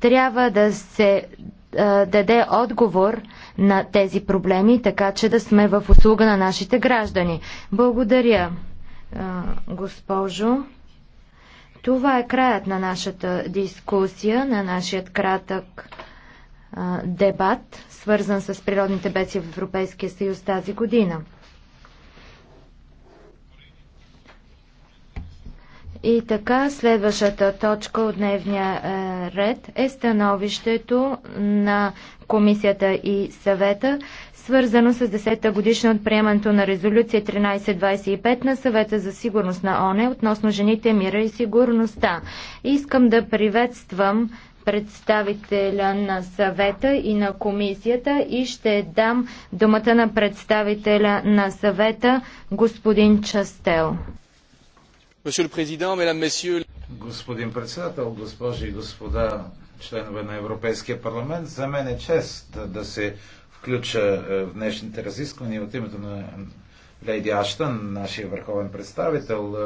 Трябва да се даде отговор на тези проблеми, така че да сме в услуга на нашите граждани. Благодаря, госпожо. Това е краят на нашата дискусия, на нашият кратък дебат, свързан с природните бедствия в Европейския съюз тази година. И така, следващата точка от дневния е, ред е становището на комисията и съвета, свързано с 10-та годишна от приемането на резолюция 1325 на съвета за сигурност на ОНЕ относно жените, мира и сигурността. Искам да приветствам представителя на съвета и на комисията и ще дам думата на представителя на съвета господин Частел. Господин председател, госпожи и господа членове на Европейския парламент, за мен е чест да се включа е, в днешните разисквания от името на Лейди Аштън, нашия върховен представител.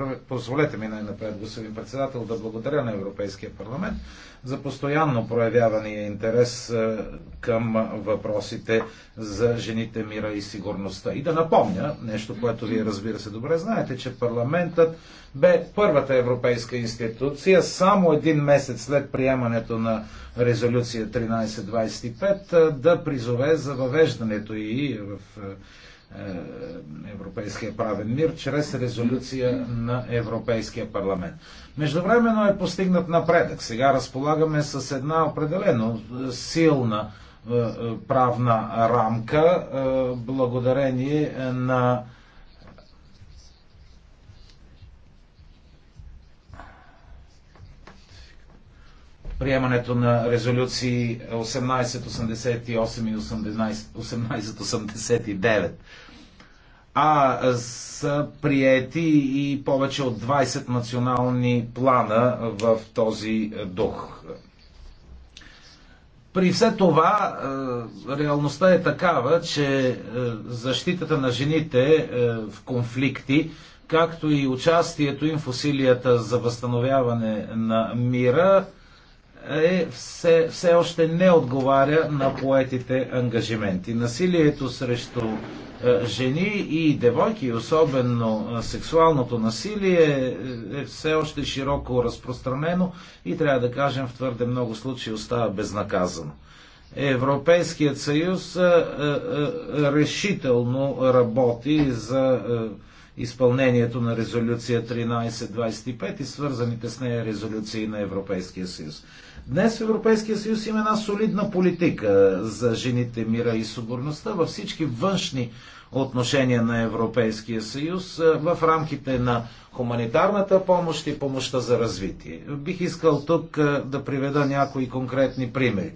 Е, позволете ми най-напред, господин председател, да благодаря на Европейския парламент за постоянно проявявания интерес е, към въпросите за жените, мира и сигурността. И да напомня нещо, което вие разбира се добре знаете, че парламентът бе първата европейска институция само един месец след приемането на резолюция 1325 е, да призове за въвеждането и в е, европейския правен мир чрез резолюция на Европейския парламент. Междувременно е постигнат напредък. Сега разполагаме с една определено е, силна е, правна рамка благодарение на приемането на резолюции 1888 и 1889 а са приети и повече от 20 национални плана в този дух. При все това, е, реалността е такава, че е, защитата на жените е, в конфликти, както и участието им в усилията за възстановяване на мира, е все, все още не отговаря на поетите ангажименти. Насилието срещу е, жени и девойки, особено е, сексуалното насилие, е, е все още широко разпространено и трябва да кажем в твърде много случаи остава безнаказано. Европейският съюз решително работи за изпълнението на резолюция 1325 и свързаните с нея резолюции на Европейския съюз. Днес в Европейския съюз има една солидна политика за жените, мира и свободността във всички външни отношения на Европейския съюз в рамките на хуманитарната помощ и помощта за развитие. Бих искал тук да приведа някои конкретни примери.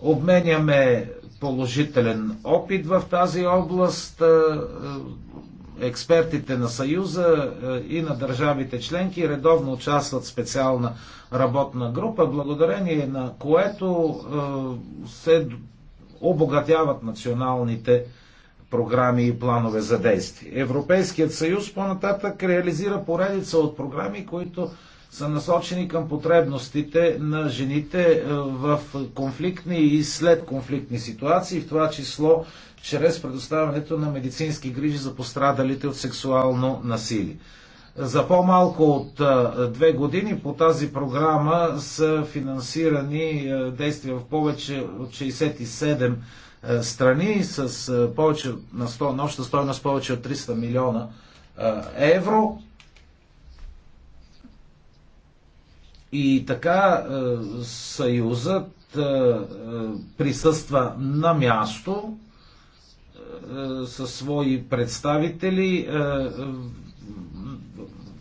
Обменяме положителен опит в тази област, експертите на Съюза е, и на държавите членки редовно участват в специална работна група, благодарение на което е, се обогатяват националните програми и планове за действие. Европейският съюз по-нататък реализира поредица от програми, които са насочени към потребностите на жените е, в конфликтни и след конфликтни ситуации, в това число чрез предоставянето на медицински грижи за пострадалите от сексуално насилие. За по-малко от две години по тази програма са финансирани действия в повече от 67 страни с повече на, 100, на обща стоеност повече от 300 милиона евро. И така Съюзът присъства на място е, със свои представители е, е,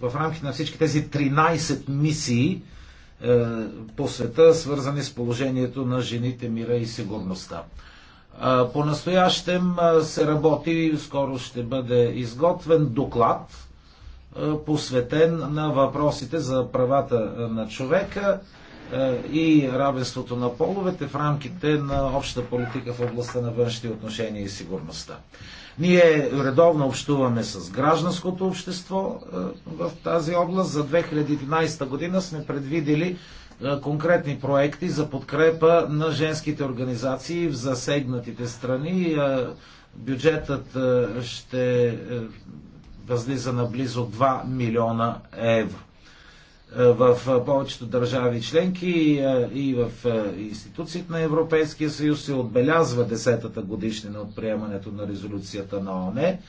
в рамките на всички тези 13 мисии по света, свързани с положението на жените, мира и сигурността. По-настоящем се работи, скоро ще бъде изготвен доклад, посветен на въпросите за правата на човека, е, и равенството на половете в рамките на общата политика в областта на външните отношения и сигурността. Ние редовно общуваме с гражданското общество е, в тази област. За 2011 година сме предвидели е, конкретни проекти за подкрепа на женските организации в засегнатите страни. Бюджетът ще възлиза на близо 2 милиона евро. Е, в е, повечето държави членки е, и в институциите на Европейския съюз се отбелязва 10-та годишнина от приемането на резолюцията на ОНЕ.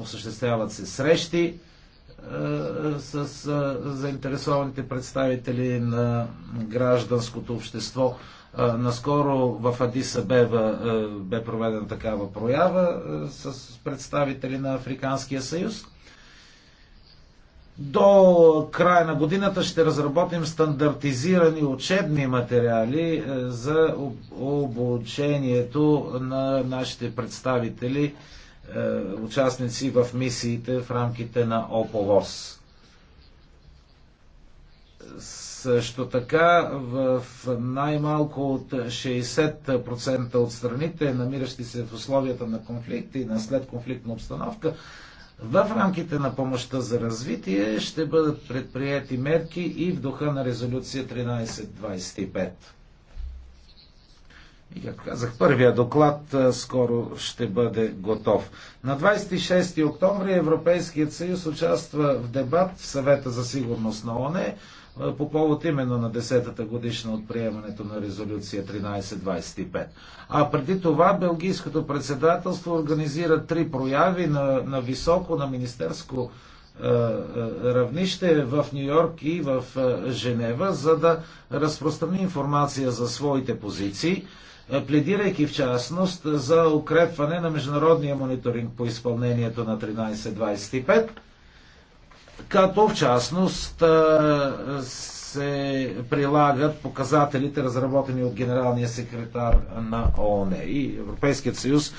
Осъществяват се срещи с заинтересованите представители на гражданското общество. Наскоро в Адиса Бева бе проведена такава проява с представители на Африканския съюз. До края на годината ще разработим стандартизирани учебни материали е, за обучението на нашите представители, е, участници в мисиите в рамките на ОПОВОС. Също така в най-малко от 60% от страните, намиращи се в условията на конфликт и на след конфликтна обстановка, в рамките на помощта за развитие ще бъдат предприяти мерки и в духа на резолюция 1325. И както казах, първия доклад скоро ще бъде готов. На 26 октомври Европейският съюз участва в дебат в съвета за сигурност на ОНЕ по повод именно на 10-та годишна от приемането на резолюция 1325. А преди това Белгийското председателство организира три прояви на, на високо, на министерско равнище в Нью Йорк и в Женева, за да разпространи информация за своите позиции, пледирайки в частност за укрепване на международния мониторинг по изпълнението на 1325 като в частност се прилагат показателите, разработени от генералния секретар на ООН. И Европейският съюз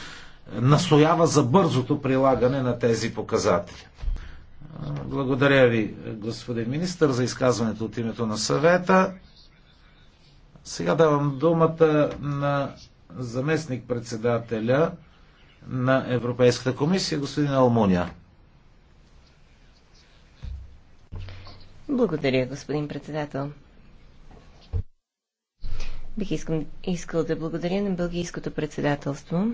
настоява за бързото прилагане на тези показатели. Благодаря ви, господин министр, за изказването от името на съвета. Сега давам думата на заместник-председателя на Европейската комисия, господин Алмуня. Благодаря, господин председател. Бих искам, искал да благодаря на Бългийското председателство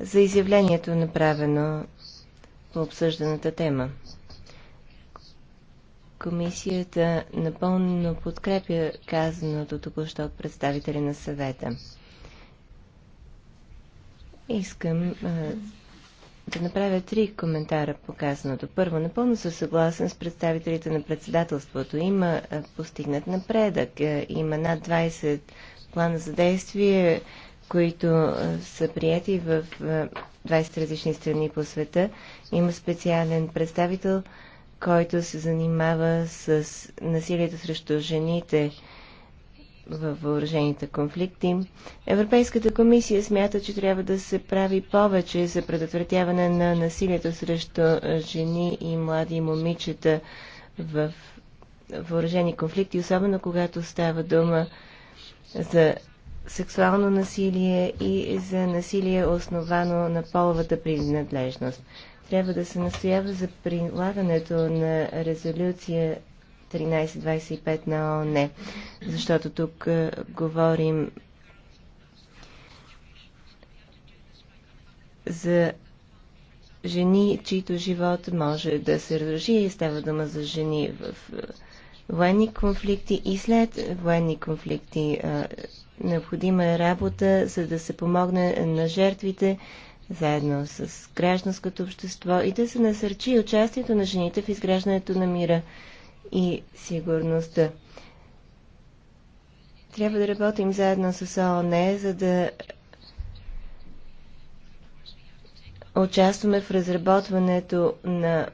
за изявлението, направено по обсъжданата тема. Комисията напълно подкрепя казаното току-що от представители на съвета. Искам да направя три коментара по казаното. Първо, напълно съм съгласен с представителите на председателството. Има постигнат напредък. Е, има над 20 плана за действие, които са прияти в 20 различни страни по света. Има специален представител, който се занимава с насилието срещу жените във въоръжените конфликти. Европейската комисия смята, че трябва да се прави повече за предотвратяване на насилието срещу жени и млади момичета в въоръжени конфликти, особено когато става дума за сексуално насилие и за насилие основано на половата принадлежност. Трябва да се настоява за прилагането на резолюция 1325 на ООН, защото тук е, говорим за жени, чийто живот може да се разруши и става дума за жени в е, военни конфликти и след военни конфликти. Е, необходима е работа, за да се помогне на жертвите заедно с гражданското общество и да се насърчи участието на жените в изграждането на мира и сигурността. Трябва да работим заедно с ООН, за да участваме в разработването на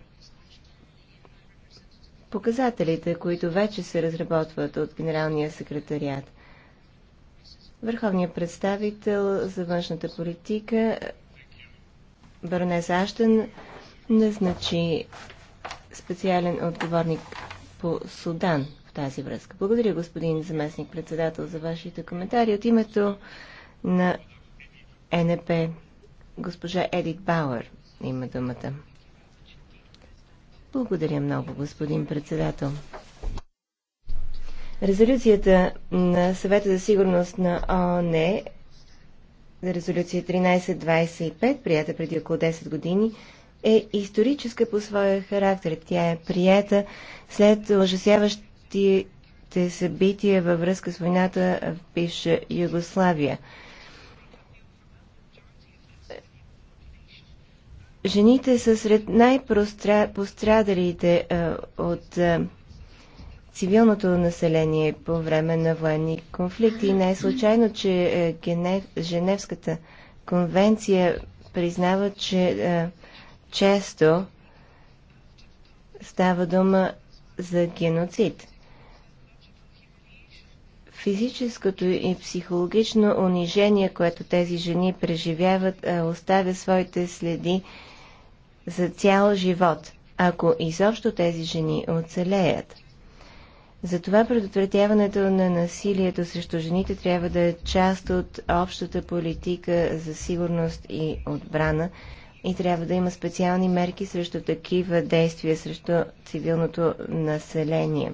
показателите, които вече се разработват от Генералния секретариат. Върховният представител за външната политика Баронес Аштен назначи специален отговорник по Судан в тази връзка. Благодаря, господин заместник председател, за вашите коментари. От името на НП госпожа Едит Бауер има думата. Благодаря много, господин председател. Резолюцията на съвета за сигурност на ООН е, резолюция 1325, прията преди около 10 години, е историческа по своя характер. Тя е приета след ужасяващите събития във връзка с войната в бивша Югославия. Жените са сред най-пострадалите от цивилното население по време на военни конфликти и не е случайно, че Женевската конвенция признава, че е, често става дума за геноцид. Физическото и психологично унижение, което тези жени преживяват, оставя своите следи за цял живот, ако изобщо тези жени оцелеят. Затова предотвратяването на насилието срещу жените трябва да е част от общата политика за сигурност и отбрана, и трябва да има специални мерки срещу такива действия срещу цивилното население.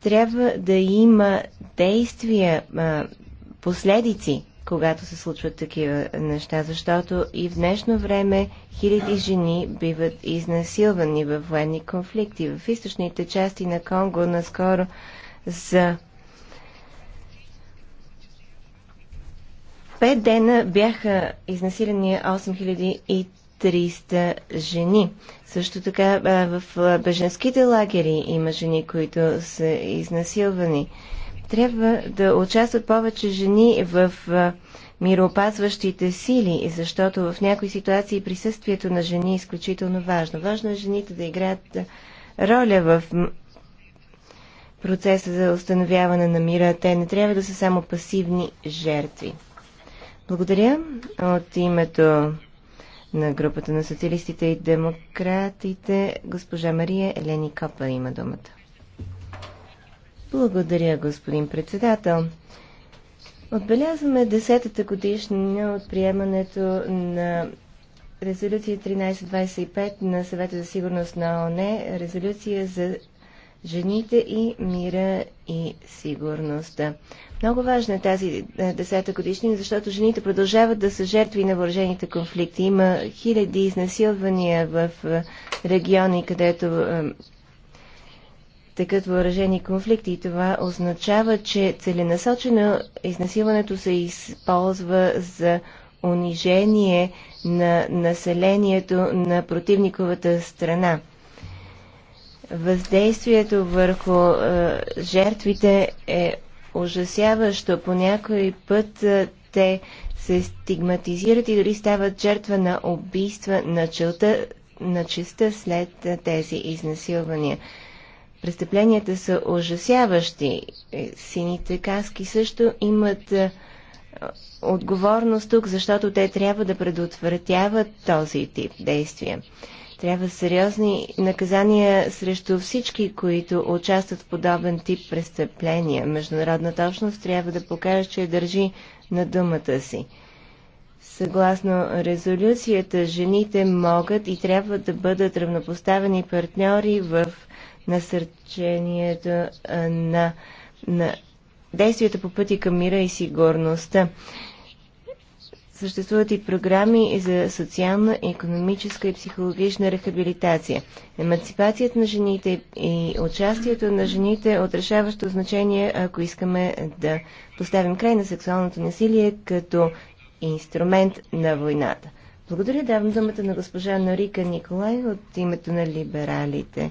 Трябва да има действия, последици, когато се случват такива неща, защото и в днешно време хиляди жени биват изнасилвани във военни конфликти. В източните части на Конго наскоро за пет дена бяха изнасилени 8300 жени. Също така в беженските лагери има жени, които са изнасилвани. Трябва да участват повече жени в мироопазващите сили, защото в някои ситуации присъствието на жени е изключително важно. Важно е жените да играят роля в процеса за установяване на мира. Те не трябва да са само пасивни жертви. Благодаря. От името на групата на социалистите и демократите, госпожа Мария Елени Копа има думата. Благодаря, господин председател. Отбелязваме 10-та годишнина от приемането на резолюция 1325 на съвета за сигурност на ОНЕ, резолюция за жените и мира и сигурността. Много важна е тази е, десета годишни, защото жените продължават да са жертви на въоръжените конфликти. Има хиляди изнасилвания в е, региони, където е, такът въоръжени конфликти и това означава, че целенасочено изнасилването се използва за унижение на населението на противниковата страна. Въздействието върху е, жертвите е ужасяващо. По някой път е, те се стигматизират и дори стават жертва на убийства на, челта, на честа след е, тези изнасилвания. Престъпленията са ужасяващи. Е, сините каски също имат е, отговорност тук, защото те трябва да предотвратяват този тип действия. Трябва сериозни наказания срещу всички, които участват в подобен тип престъпления. Международната общност трябва да покаже, че държи на думата си. Съгласно резолюцията, жените могат и трябва да бъдат равнопоставени партньори в насърчението на, на действията по пъти към мира и сигурността. Съществуват и програми за социална, економическа и психологична рехабилитация. Емансипацията на жените и участието на жените е от решаващо значение, ако искаме да поставим край на сексуалното насилие като инструмент на войната. Благодаря, давам думата на госпожа Норика Николай от името на либералите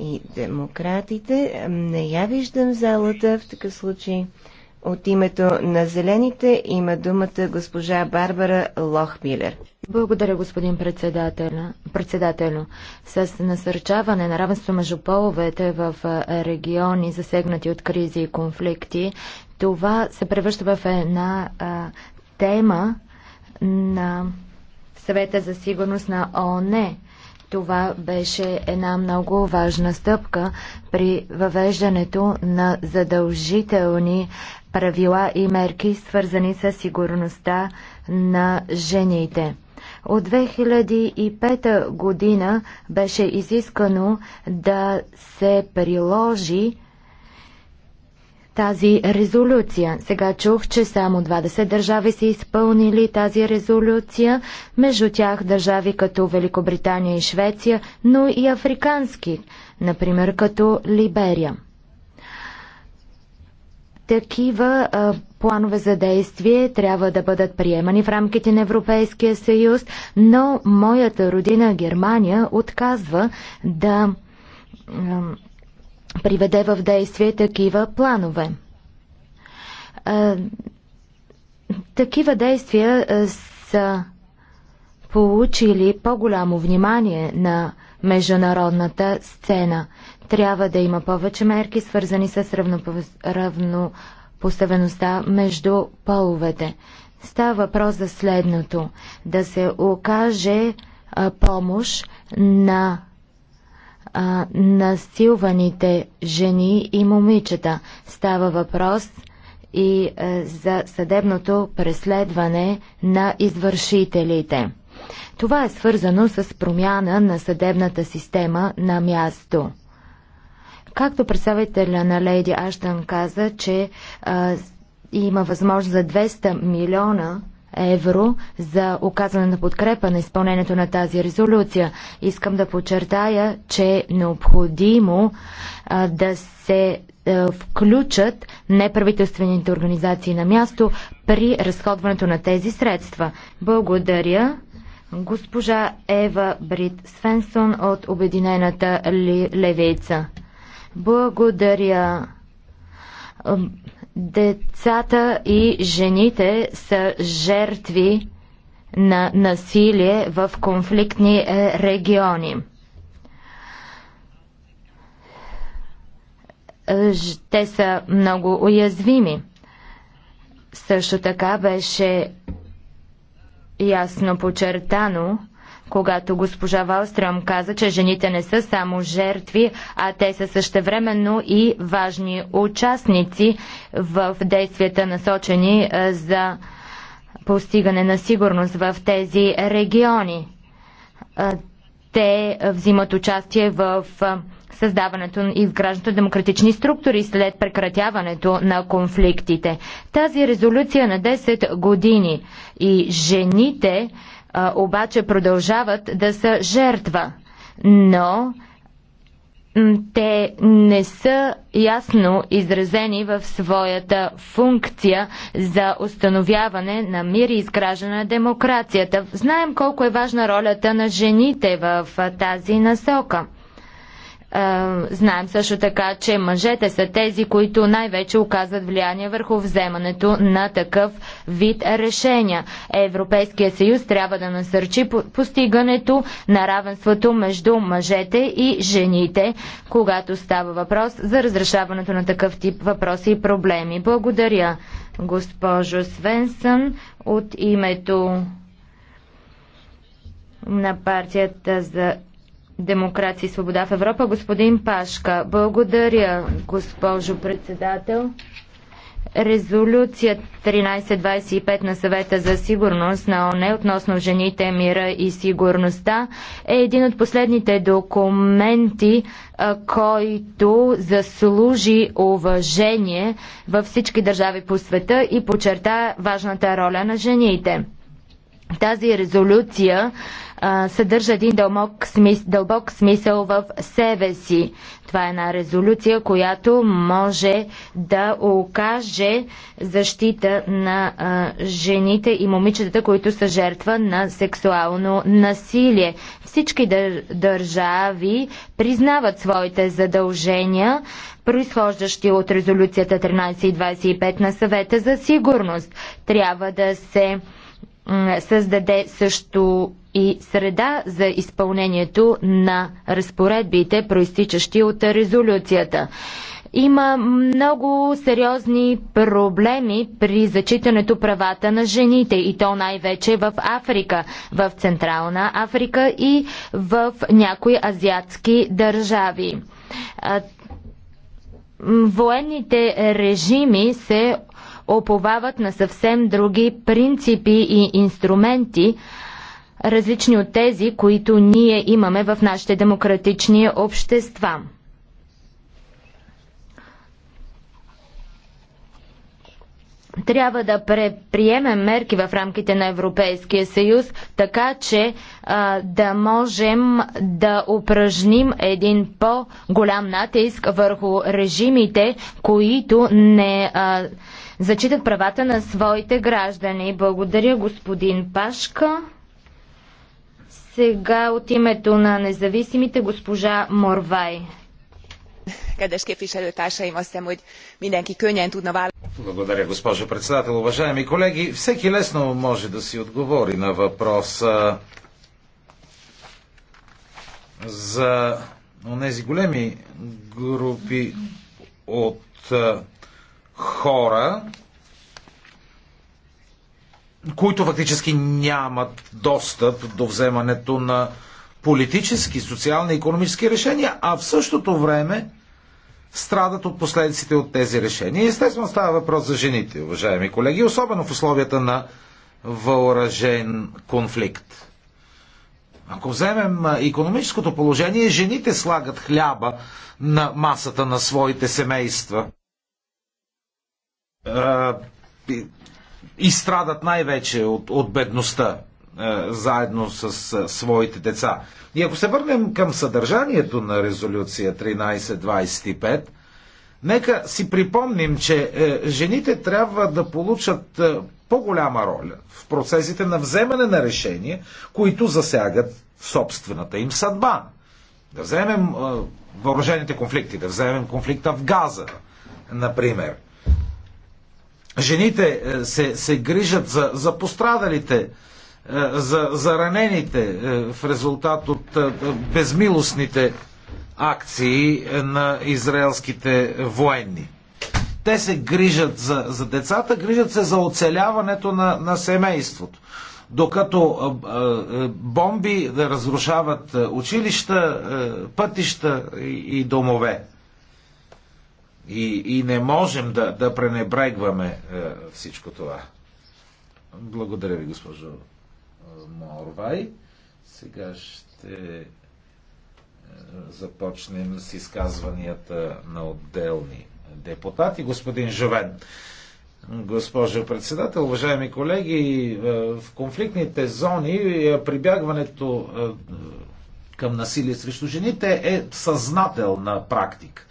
и демократите. Не я виждам залата в такъв случай. От името на Зелените има думата госпожа Барбара Лохмилер. Благодаря, господин председател. С насърчаване на равенство между половете в региони, засегнати от кризи и конфликти, това се превръща в една а, тема на съвета за сигурност на ОНЕ. Това беше една много важна стъпка при въвеждането на задължителни правила и мерки, свързани с сигурността на жените. От 2005 година беше изискано да се приложи тази резолюция. Сега чух, че само 20 държави са изпълнили тази резолюция, между тях държави като Великобритания и Швеция, но и африкански, например като Либерия. Такива а, планове за действие трябва да бъдат приемани в рамките на Европейския съюз, но моята родина Германия отказва да а, приведе в действие такива планове. Такива действия са получили по-голямо внимание на международната сцена. Трябва да има повече мерки, свързани с равнопоставеността между половете. Става въпрос за следното. Да се окаже помощ на а, насилваните жени и момичета. Става въпрос и а, е, за съдебното преследване на извършителите. Това е свързано с промяна на съдебната система на място. Както представителя на Лейди Аштън каза, че а, има възможност за 200 милиона евро за оказване на подкрепа на изпълнението на тази резолюция. Искам да подчертая, че е необходимо а, да се а, включат неправителствените организации на място при разходването на тези средства. Благодаря. Госпожа Ева Брит Свенсон от Обединената левица. Благодаря Децата и жените са жертви на насилие в конфликтни е, региони. Е, те са много уязвими. Също така беше ясно подчертано, когато госпожа Валстрем каза, че жените не са само жертви, а те са същевременно и важни участници в действията насочени за постигане на сигурност в тези региони. Те взимат участие в създаването и вграждането на демократични структури след прекратяването на конфликтите. Тази резолюция на 10 години и жените а, обаче продължават да са жертва. Но те не са ясно изразени в своята функция за установяване на мир и изграждане на демокрацията. Знаем колко е важна ролята на жените в тази насока знаем също така, че мъжете са тези, които най-вече оказват влияние върху вземането на такъв вид решения. Европейския съюз трябва да насърчи постигането на равенството между мъжете и жените, когато става въпрос за разрешаването на такъв тип въпроси и проблеми. Благодаря, госпожо Свенсън, от името на партията за демокрация и свобода в Европа, господин Пашка. Благодаря, госпожо председател. Резолюция 1325 на съвета за сигурност на ОНЕ относно жените, мира и сигурността е един от последните документи, който заслужи уважение във всички държави по света и подчерта важната роля на жените. Тази резолюция а, съдържа един дълбок, смис, дълбок смисъл в себе си. Това е една резолюция, която може да окаже защита на а, жените и момичетата, които са жертва на сексуално насилие. Всички дър, държави признават своите задължения, произхождащи от резолюцията 1325 на съвета за сигурност. Трябва да се създаде също и среда за изпълнението на разпоредбите, проистичащи от резолюцията. Има много сериозни проблеми при зачитането правата на жените и то най-вече в Африка, в Централна Африка и в някои азиатски държави. Военните режими се оповават на съвсем други принципи и инструменти, различни от тези, които ние имаме в нашите демократични общества. трябва да предприемем мерки в рамките на Европейския съюз, така че а, да можем да упражним един по-голям натиск върху режимите, които не а, зачитат правата на своите граждани. Благодаря, господин Пашка. Сега от името на независимите госпожа Морвай. Kedves képviselőtársaim, azt hiszem, hogy mindenki könnyen tudna Благодаря, госпожо председател. Уважаеми колеги, всеки лесно може да си отговори на въпроса за тези големи групи от хора, които фактически нямат достъп до вземането на политически, социални и економически решения, а в същото време страдат от последиците от тези решения. Естествено става въпрос за жените, уважаеми колеги, особено в условията на въоръжен конфликт. Ако вземем економическото положение, жените слагат хляба на масата на своите семейства. И страдат най-вече от, от бедността. Е, заедно с е, своите деца. И ако се върнем към съдържанието на резолюция 1325, нека си припомним, че е, жените трябва да получат по-голяма роля в процесите на вземане на решения, които засягат собствената им съдба. Да вземем въоръжените конфликти, да вземем конфликта в Газа, например. Жените се, се грижат за, за пострадалите, е, за, за ранените е, в резултат от е, безмилостните акции на израелските военни. Те се грижат за, за децата, грижат се за оцеляването на, на семейството. Докато бомби да разрушават училища, пътища и, и домове. И, и не можем да, да пренебрегваме всичко това. Благодаря ви, госпожо Морвай. Сега ще е, започнем с изказванията на отделни депутати. Господин Жовен. Госпожо председател, уважаеми колеги, е, в конфликтните зони е, прибягването към насилие срещу жените е съзнателна практика.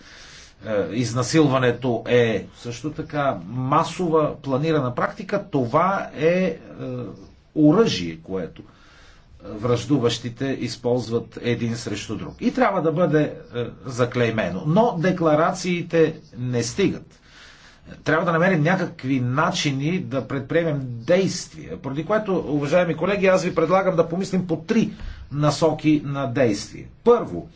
Изнасилването е също така масова планирана практика. Това е оръжие, което връждуващите използват един срещу друг. И трябва да бъде заклеймено. Но декларациите не стигат. Трябва да намерим някакви начини да предприемем действия, поради което, уважаеми колеги, аз ви предлагам да помислим по три насоки на действие. Първо,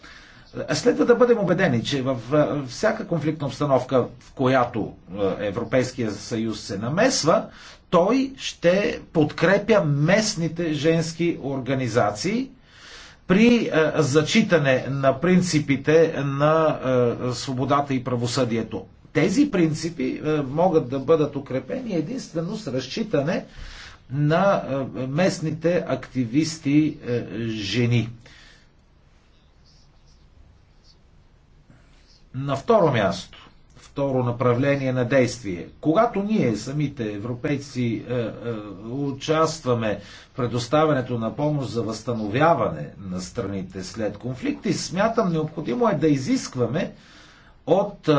Следва да бъдем убедени, че във всяка конфликтна обстановка, в която Европейския съюз се намесва, той ще подкрепя местните женски организации при е, зачитане на принципите на е, свободата и правосъдието. Тези принципи е, могат да бъдат укрепени единствено с разчитане на местните активисти жени. На второ място, второ направление на действие. Когато ние, самите европейци, е, е, участваме в предоставянето на помощ за възстановяване на страните след конфликти, смятам необходимо е да изискваме от е,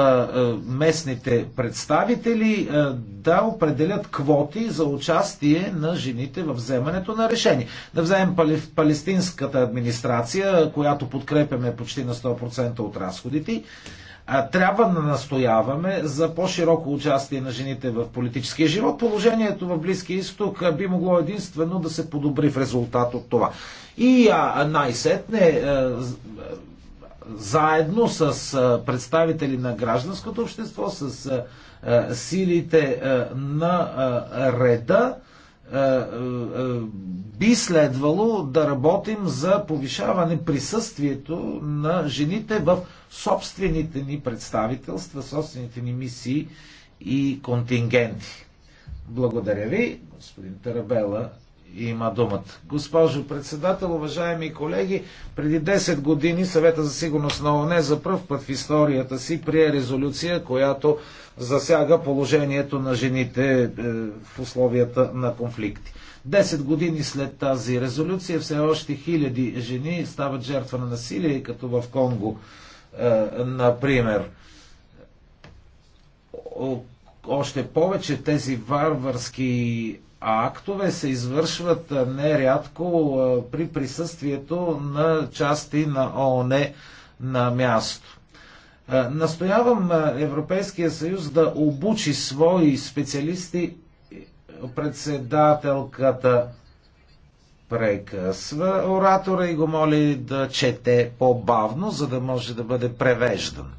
местните представители да определят квоти за участие на жените в вземането на решение. Да вземем палестинската администрация, която подкрепяме почти на 100% от разходите трябва да настояваме за по-широко участие на жените в политическия живот. Положението в Близкия изток би могло единствено да се подобри в резултат от това. И най-сетне заедно с представители на гражданското общество, с силите на реда, е, е, би следвало да работим за повишаване присъствието на жените в собствените ни представителства, собствените ни мисии и контингенти. Благодаря ви. Господин Тарабела има думата. Госпожо председател, уважаеми колеги, преди 10 години съвета за сигурност на ОНЕ за пръв път в историята си прие резолюция, която засяга положението на жените е, в условията на конфликти. 10 години след тази резолюция все още хиляди жени стават жертва на насилие, като в Конго, е, например още повече тези варварски актове се извършват нерядко при присъствието на части на ООН на място. Настоявам Европейския съюз да обучи свои специалисти председателката прекъсва оратора и го моли да чете по-бавно, за да може да бъде превеждан.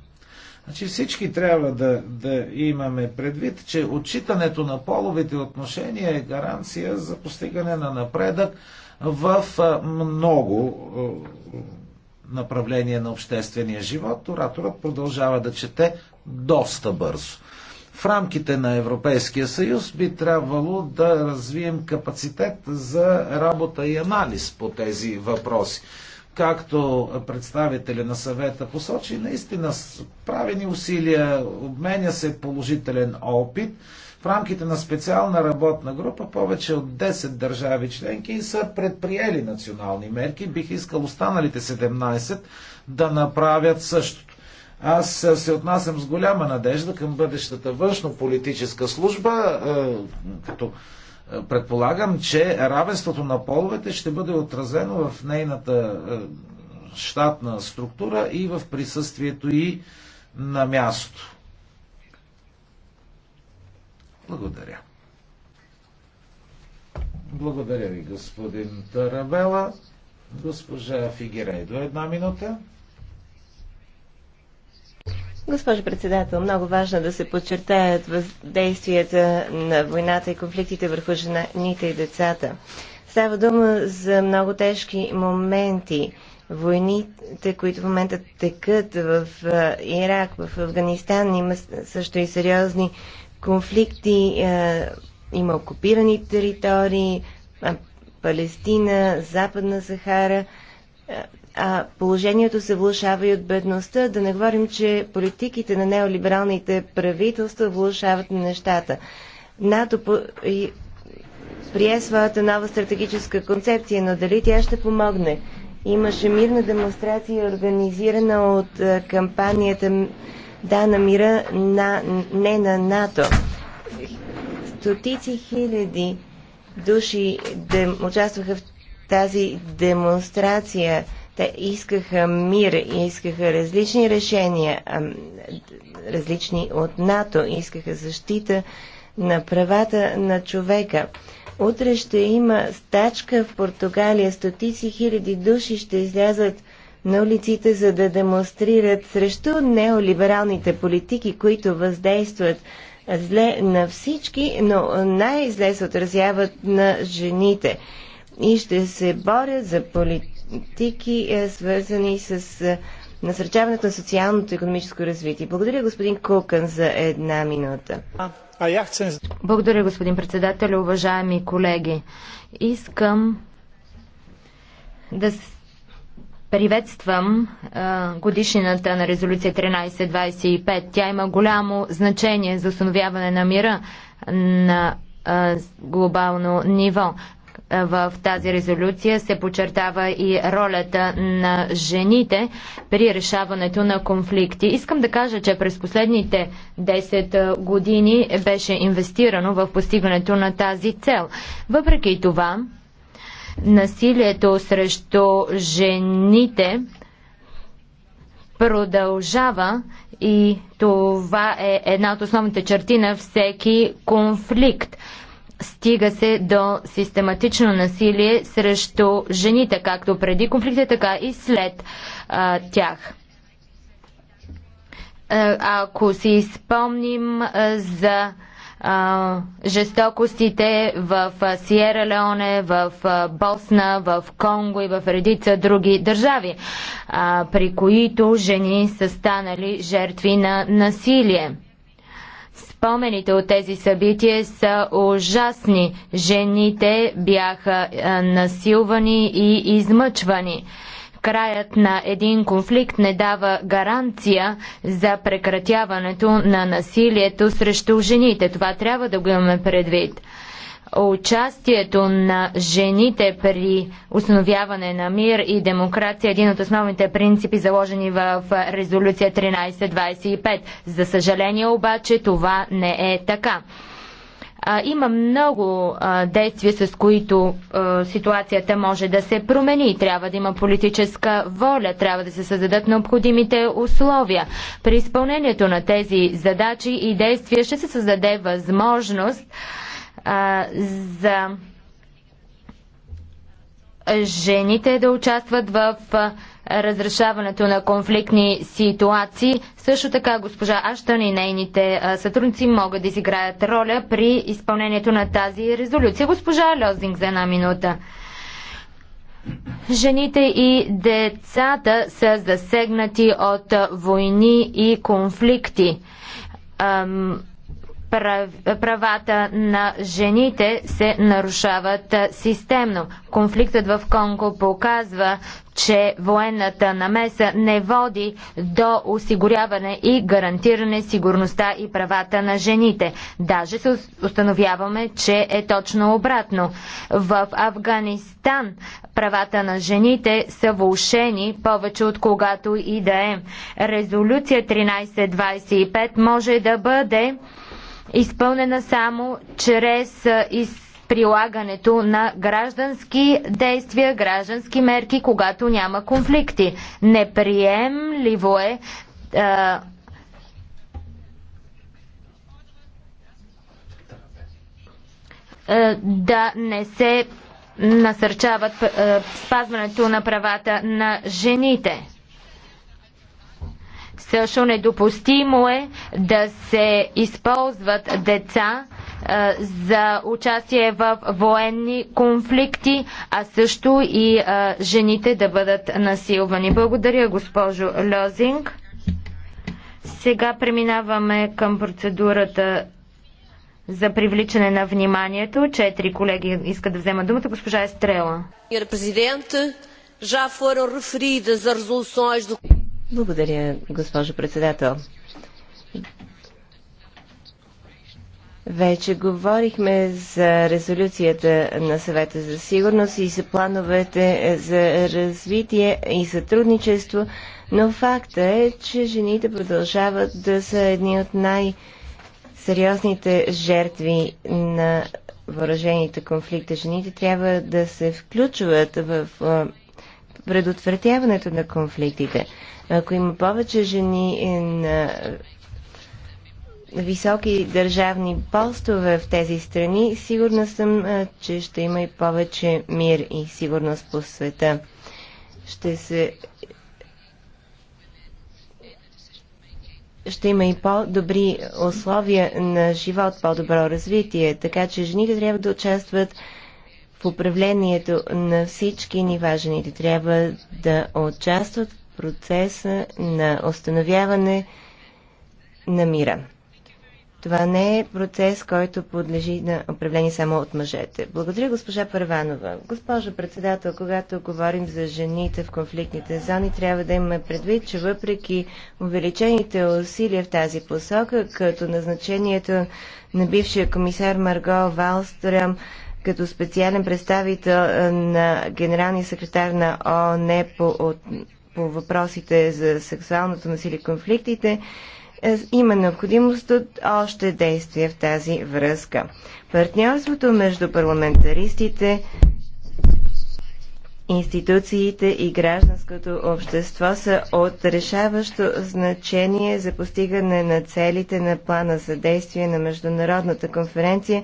Значи всички трябва да, да имаме предвид, че отчитането на половите отношения е гаранция за постигане на напредък в много направления на обществения живот. Ораторът продължава да чете доста бързо. В рамките на Европейския съюз би трябвало да развием капацитет за работа и анализ по тези въпроси както представители на съвета посочи, наистина правени усилия, обменя се положителен опит. В рамките на специална работна група повече от 10 държави членки са предприели национални мерки. Бих искал останалите 17 да направят същото. Аз се отнасям с голяма надежда към бъдещата външно-политическа служба, е, като Предполагам, че равенството на половете ще бъде отразено в нейната е, щатна структура и в присъствието и на място. Благодаря. Благодаря ви, господин Тарабела. Госпожа Фигерейдо, една минута. Госпожо председател, много важно е да се подчертаят въздействията на войната и конфликтите върху жените и децата. Става дума за много тежки моменти. Войните, които в момента текат в Ирак, в Афганистан, има също и сериозни конфликти. Има окупирани територии, Палестина, Западна Сахара а положението се влушава и от бедността. Да не говорим, че политиките на неолибералните правителства влушават на нещата. НАТО по... и... прие своята нова стратегическа концепция, но дали тя ще помогне? Имаше мирна демонстрация, организирана от кампанията Да на мира, на... не на НАТО. Стотици хиляди души дем... участваха в тази демонстрация те искаха мир, искаха различни решения, различни от НАТО, искаха защита на правата на човека. Утре ще има стачка в Португалия. Стотици хиляди души ще излязат на улиците, за да демонстрират срещу неолибералните политики, които въздействат зле на всички, но най-зле се отразяват на жените. И ще се борят за политика политики, е, свързани с е, насърчаването на социалното и економическо развитие. Благодаря господин Кукън за една минута. Благодаря господин председател, уважаеми колеги. Искам да приветствам а, годишнината на резолюция 1325. Тя има голямо значение за установяване на мира на глобално ниво в тази резолюция се подчертава и ролята на жените при решаването на конфликти. Искам да кажа, че през последните 10 години беше инвестирано в постигането на тази цел. Въпреки това, насилието срещу жените продължава и това е една от основните черти на всеки конфликт. Стига се до систематично насилие срещу жените, както преди конфликта, така и след а, тях. Ако си спомним за а, жестокостите в Сиера Леоне, в Босна, в Конго и в редица други държави, а, при които жени са станали жертви на насилие. Спомените от тези събития са ужасни. Жените бяха насилвани и измъчвани. Краят на един конфликт не дава гаранция за прекратяването на насилието срещу жените. Това трябва да го имаме предвид. Участието на жените при установяване на мир и демокрация е един от основните принципи, заложени в резолюция 1325. За съжаление обаче това не е така. А, има много а, действия, с които а, ситуацията може да се промени. Трябва да има политическа воля, трябва да се създадат необходимите условия. При изпълнението на тези задачи и действия ще се създаде възможност а, за жените да участват в разрешаването на конфликтни ситуации. Също така госпожа Аштън и нейните сътрудници могат да изиграят роля при изпълнението на тази резолюция. Госпожа Лозинг за една минута. Жените и децата са засегнати от войни и конфликти правата на жените се нарушават системно. Конфликтът в Конго показва, че военната намеса не води до осигуряване и гарантиране сигурността и правата на жените. Даже се установяваме, че е точно обратно. В Афганистан правата на жените са вълшени повече от когато и да е. Резолюция 1325 може да бъде изпълнена само чрез прилагането на граждански действия, граждански мерки, когато няма конфликти. Неприемливо е а, да не се насърчават спазването на правата на жените. Също недопустимо е да се използват деца за участие в военни конфликти, а също и а, жените да бъдат насилвани. Благодаря, госпожо Лозинг. Сега преминаваме към процедурата за привличане на вниманието. Четири колеги искат да вземат думата. Госпожа Естрела. Господин президент, благодаря, госпожо председател. Вече говорихме за резолюцията на съвета за сигурност и за плановете за развитие и сътрудничество, но факта е, че жените продължават да са едни от най-сериозните жертви на въоръжените конфликта. Жените трябва да се включват в предотвратяването на конфликтите. Ако има повече жени е, на високи държавни постове в тези страни, сигурна съм, е, че ще има и повече мир и сигурност по света. Ще се ще има и по-добри условия на живот, по-добро развитие. Така че жените трябва да участват в управлението на всички ни важните трябва да участват в процеса на установяване на мира. Това не е процес, който подлежи на управление само от мъжете. Благодаря госпожа Първанова. Госпожо председател, когато говорим за жените в конфликтните зони, трябва да имаме предвид, че въпреки увеличените усилия в тази посока, като назначението на бившия комисар Марго Валстрам като специален представител на генералния секретар на ООН по, от, по въпросите за сексуалното насилие и конфликтите, има необходимост от още действия в тази връзка. Партньорството между парламентаристите, институциите и гражданското общество са от решаващо значение за постигане на целите на плана за действие на Международната конференция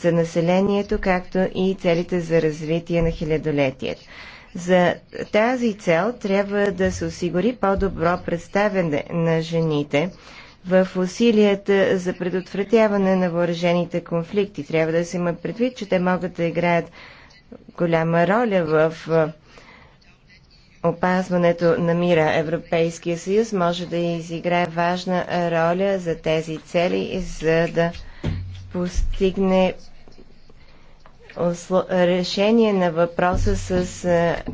за населението, както и целите за развитие на хилядолетието. За тази цел трябва да се осигури по-добро представяне на жените в усилията за предотвратяване на въоръжените конфликти. Трябва да се има предвид, че те могат да играят голяма роля в опазването на мира. Европейския съюз може да изиграе важна роля за тези цели, за да постигне решение на въпроса с е,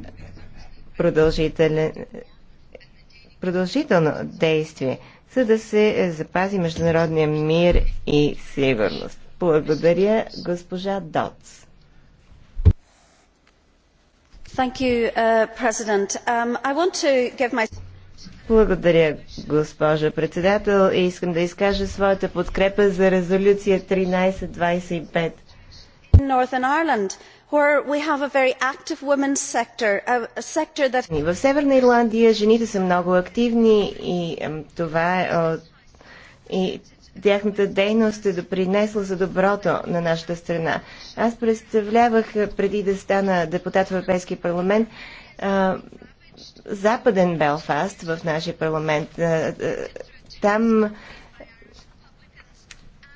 продължително действие, за да се е, запази международния мир и сигурност. Благодаря, госпожа Доц. Thank you, uh, President. Um, I want to give my... Благодаря, госпожа председател. И искам да изкажа своята подкрепа за резолюция 1325. Northern Ireland, where we have a very active women's sector, a sector that... В Северна Ирландия жените са много активни и това е... И тяхната дейност е допринесла за доброто на нашата страна. Аз представлявах, преди да стана депутат в Европейския парламент, западен Белфаст в нашия парламент. Е, е, там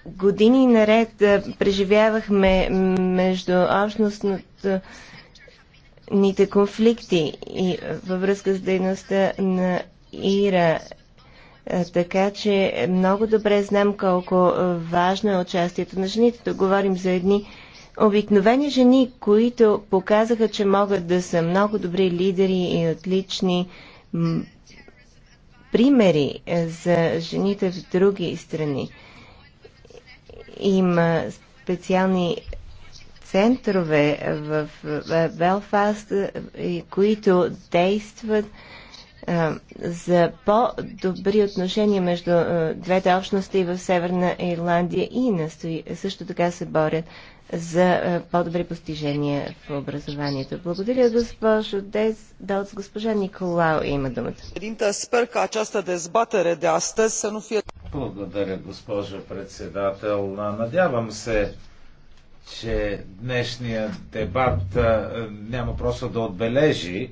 години наред е, преживявахме между общностното ните конфликти и във връзка с дейността на Ира. Така че много добре знам колко важно е участието на жените. говорим за едни обикновени жени, които показаха, че могат да са много добри лидери и отлични примери е, за жените в други страни. Има специални центрове в Белфаст, е, които действат е, за по-добри отношения между двете общности в Северна Ирландия и също така се борят за по-добри постижения в образованието. Благодаря, госпожо Да, от госпожа Николао има думата. Благодаря, госпожо председател. Надявам се, че днешния дебат няма просто да отбележи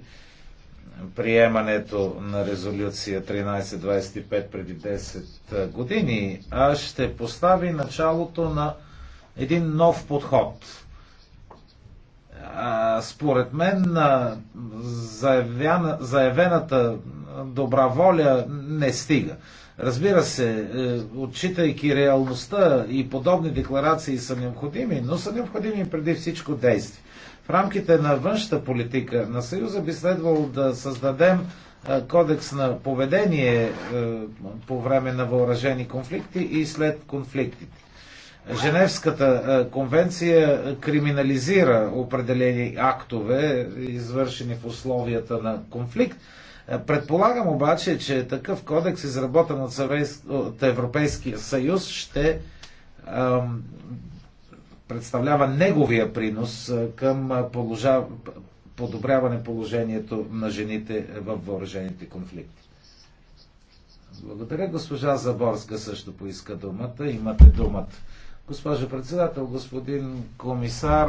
приемането на резолюция 1325 преди 10 години, а ще постави началото на един нов подход. Според мен заявяна, заявената добра воля не стига. Разбира се, е, отчитайки реалността и подобни декларации са необходими, но са необходими преди всичко действия. В рамките на външната политика на Съюза би следвало да създадем е, кодекс на поведение е, по време на въоръжени конфликти и след конфликтите. Женевската е, конвенция криминализира определени актове, извършени в условията на конфликт. Е, предполагам обаче, че такъв кодекс, изработен от, Съвейс... от Европейския съюз, ще ам, представлява неговия принос е, към положа... подобряване положението на жените в въоръжените конфликти. Благодаря. Госпожа Заборска също поиска думата. Имате думата. Госпожо председател, господин комисар.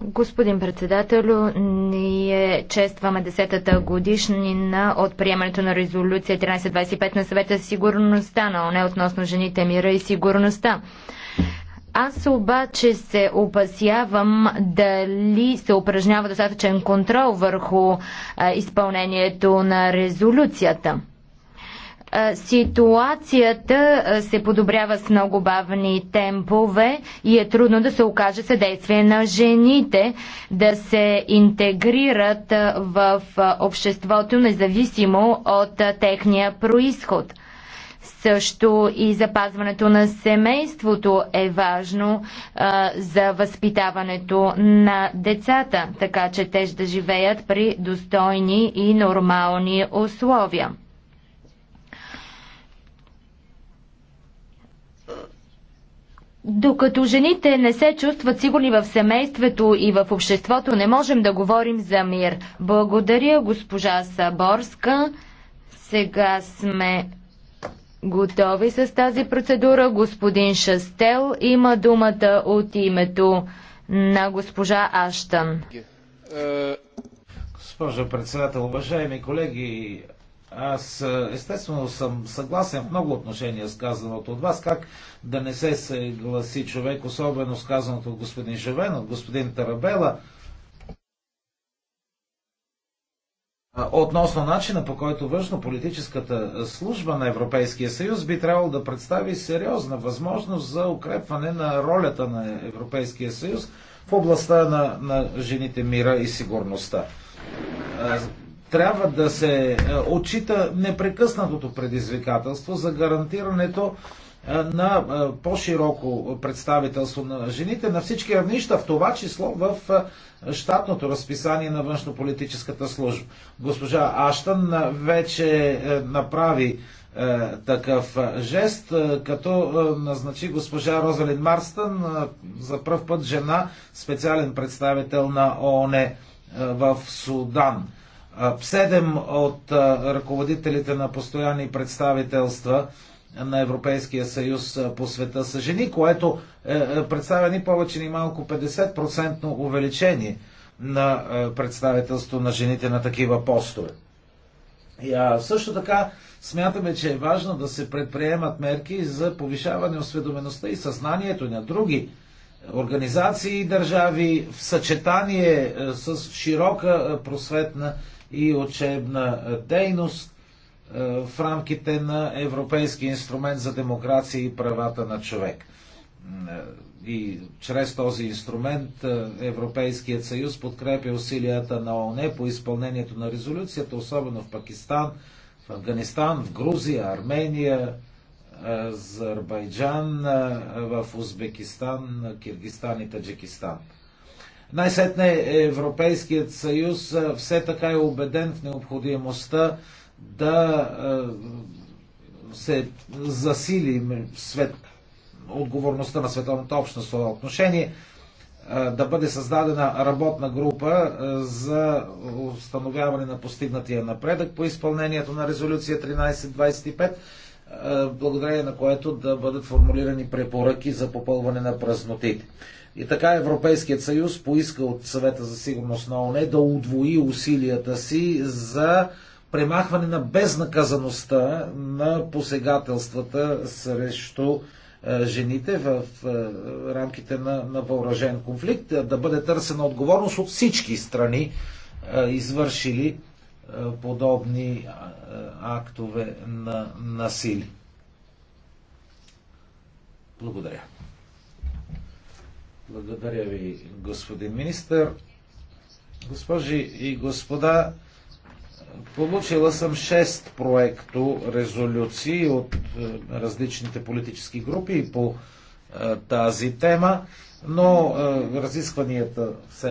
Господин председател, ние честваме 10-та годишнина от приемането на резолюция 1325 на съвета за сигурността на ОНЕ относно жените, мира и сигурността. Аз обаче се опасявам дали се упражнява достатъчен контрол върху изпълнението на резолюцията. Ситуацията се подобрява с много бавни темпове и е трудно да се окаже съдействие на жените да се интегрират в обществото, независимо от техния происход. Също и запазването на семейството е важно а, за възпитаването на децата, така че те ще живеят при достойни и нормални условия. Докато жените не се чувстват сигурни в семейството и в обществото, не можем да говорим за мир. Благодаря, госпожа Саборска. Сега сме готови с тази процедура. Господин Шастел има думата от името на госпожа Аштан. Госпожо председател, уважаеми колеги, аз е, естествено съм съгласен в много отношения с казаното от вас. Как да не се съгласи човек, особено с казаното от господин Жавен, от господин Тарабела, относно начина по който външно-политическата е, служба на Европейския съюз би трябвало да представи сериозна възможност за укрепване на ролята на Европейския съюз в областта на, на жените, мира и сигурността. Е, трябва да се е, отчита непрекъснатото предизвикателство за гарантирането е, на е, по-широко представителство на жените на всички равнища, в това число в щатното разписание на външнополитическата служба. Госпожа Аштън вече направи такъв жест, като назначи госпожа Розалин Марстън за първ път жена специален представител на ООН в Судан. Седем от ръководителите на постоянни представителства на Европейския съюз по света са жени, което е, е, представя ни повече ни малко 50% увеличение на е, представителство на жените на такива постове. И, а, също така смятаме, че е важно да се предприемат мерки за повишаване осведомеността и съзнанието на други организации и държави в съчетание с широка просветна и учебна дейност е, в рамките на Европейски инструмент за демокрация и правата на човек. Е, и чрез този инструмент е, Европейският съюз подкрепя усилията на ООН по изпълнението на резолюцията, особено в Пакистан, в Афганистан, в Грузия, Армения, Азербайджан, в Узбекистан, Киргистан и Таджикистан. Най-сетне Европейският съюз все така е убеден в необходимостта да се засили свет, отговорността на световната общност в отношение, да бъде създадена работна група за установяване на постигнатия напредък по изпълнението на резолюция 1325, благодарение на което да бъдат формулирани препоръки за попълване на празнотите. И така Европейският съюз поиска от съвета за сигурност на ОНЕ да удвои усилията си за премахване на безнаказаността на посегателствата срещу е, жените в е, рамките на, на въоръжен конфликт, е, да бъде търсена отговорност от всички страни, извършили подобни актове на насилие. Благодаря. Благодаря ви, господин министър. Госпожи и господа, получила съм 6 проекто резолюции от е, различните политически групи по е, тази тема, но е, разискванията все